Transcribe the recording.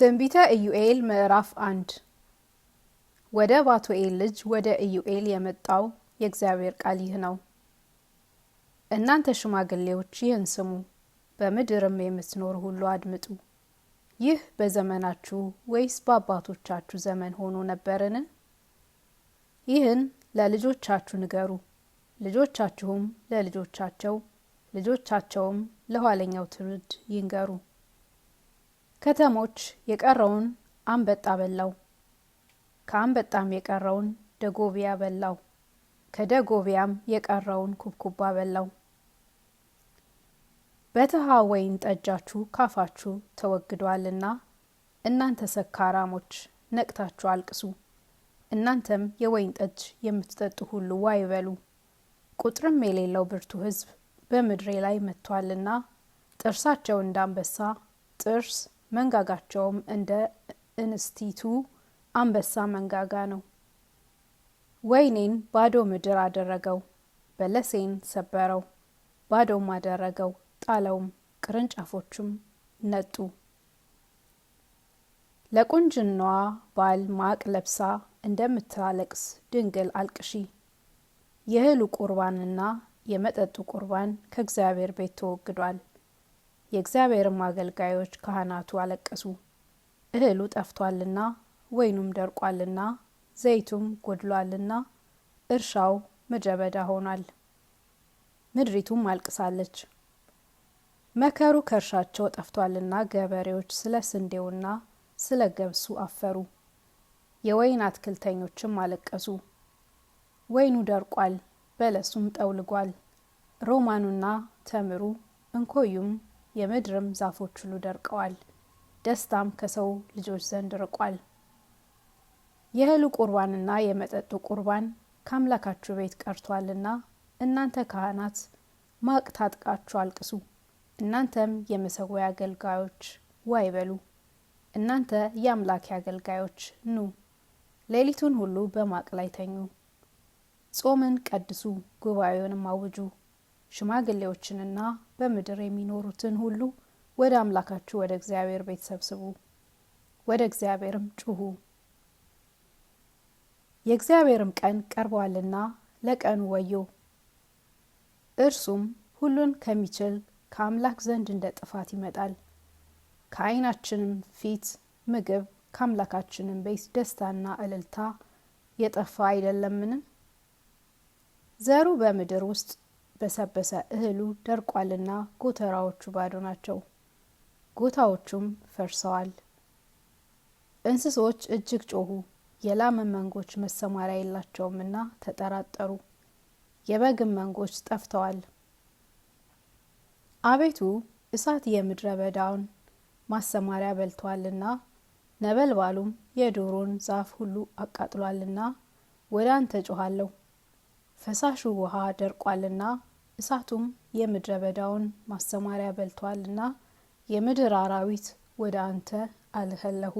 ትንቢተ ኢዩኤል ምዕራፍ አንድ ወደ ባቱኤል ልጅ ወደ ኢዩኤል የመጣው የእግዚአብሔር ቃል ይህ ነው። እናንተ ሽማግሌዎች ይህን ስሙ፣ በምድርም የምትኖር ሁሉ አድምጡ። ይህ በዘመናችሁ ወይስ በአባቶቻችሁ ዘመን ሆኖ ነበርን? ይህን ለልጆቻችሁ ንገሩ፣ ልጆቻችሁም ለልጆቻቸው፣ ልጆቻቸውም ለኋለኛው ትውልድ ይንገሩ። ከተሞች የቀረውን አንበጣ በላው፣ ከአንበጣም የቀረውን ደጎቢያ በላው፣ ከደጎቢያም የቀረውን ኩብኩባ በላው። በተሃ ወይን ጠጃችሁ ካፋችሁ ተወግዷልና እናንተ ሰካራሞች ነቅታችሁ አልቅሱ። እናንተም የወይን ጠጅ የምትጠጡ ሁሉ ዋይ በሉ። ቁጥርም የሌለው ብርቱ ሕዝብ በምድሬ ላይ መጥቷልና ጥርሳቸው እንዳንበሳ ጥርስ መንጋጋቸውም እንደ እንስቲቱ አንበሳ መንጋጋ ነው። ወይኔን ባዶ ምድር አደረገው፣ በለሴን ሰበረው፣ ባዶም አደረገው፣ ጣለውም፣ ቅርንጫፎቹም ነጡ። ለቁንጅናዋ ባል ማቅ ለብሳ እንደምታለቅስ ድንግል አልቅሺ። የእህሉ ቁርባንና የመጠጡ ቁርባን ከእግዚአብሔር ቤት ተወግዷል። የእግዚአብሔርም አገልጋዮች ካህናቱ አለቀሱ፣ እህሉ ጠፍቷልና፣ ወይኑም ደርቋልና፣ ዘይቱም ጎድሏልና፣ እርሻው ምድረበዳ ሆኗል። ምድሪቱም አልቅሳለች። መከሩ ከእርሻቸው ጠፍቷልና ገበሬዎች ስለ ስንዴውና ስለ ገብሱ አፈሩ። የወይን አትክልተኞችም አለቀሱ። ወይኑ ደርቋል፣ በለሱም ጠውልጓል። ሮማኑና ተምሩ እንኮዩም የምድርም ዛፎች ሁሉ ደርቀዋል። ደስታም ከሰው ልጆች ዘንድ ርቋል። የእህሉ ቁርባንና የመጠጡ ቁርባን ከአምላካችሁ ቤት ቀርቷልና እናንተ ካህናት ማቅ ታጥቃችሁ አልቅሱ፣ እናንተም የመሰዊያ አገልጋዮች ዋይ በሉ፣ እናንተ የአምላኬ አገልጋዮች ኑ፣ ሌሊቱን ሁሉ በማቅ ላይ ተኙ፣ ጾምን ቀድሱ፣ ጉባኤውንም አውጁ ሽማግሌዎችንና በምድር የሚኖሩትን ሁሉ ወደ አምላካችሁ ወደ እግዚአብሔር ቤት ሰብስቡ፣ ወደ እግዚአብሔርም ጩሁ። የእግዚአብሔርም ቀን ቀርበዋልና ለቀኑ ወዮ። እርሱም ሁሉን ከሚችል ከአምላክ ዘንድ እንደ ጥፋት ይመጣል። ከዓይናችንም ፊት ምግብ ከአምላካችንም ቤት ደስታና እልልታ የጠፋ አይደለምን? ዘሩ በምድር ውስጥ በሰበሰ፣ እህሉ ደርቋልና ጎተራዎቹ ባዶ ናቸው፣ ጎታዎቹም ፈርሰዋል። እንስሶች እጅግ ጮሁ፣ የላም መንጎች መሰማሪያ የላቸውምና ተጠራጠሩ፣ የበግም መንጎች ጠፍተዋል። አቤቱ እሳት የምድረ በዳውን ማሰማሪያ በልቷልና ነበልባሉም የዶሮን ዛፍ ሁሉ አቃጥሏልና ወደ አንተ ጮኋለሁ፣ ፈሳሹ ውሃ ደርቋልና እሳቱም የምድረ በዳውን ማሰማሪያ በልቷልና የምድር አራዊት ወደ አንተ አልኸለሁ